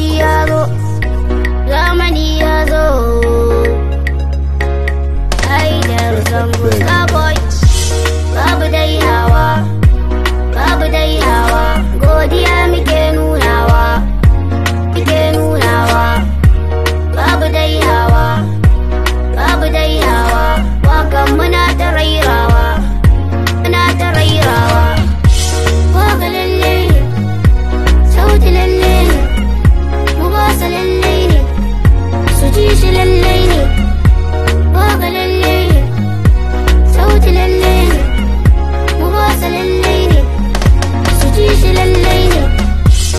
yeah.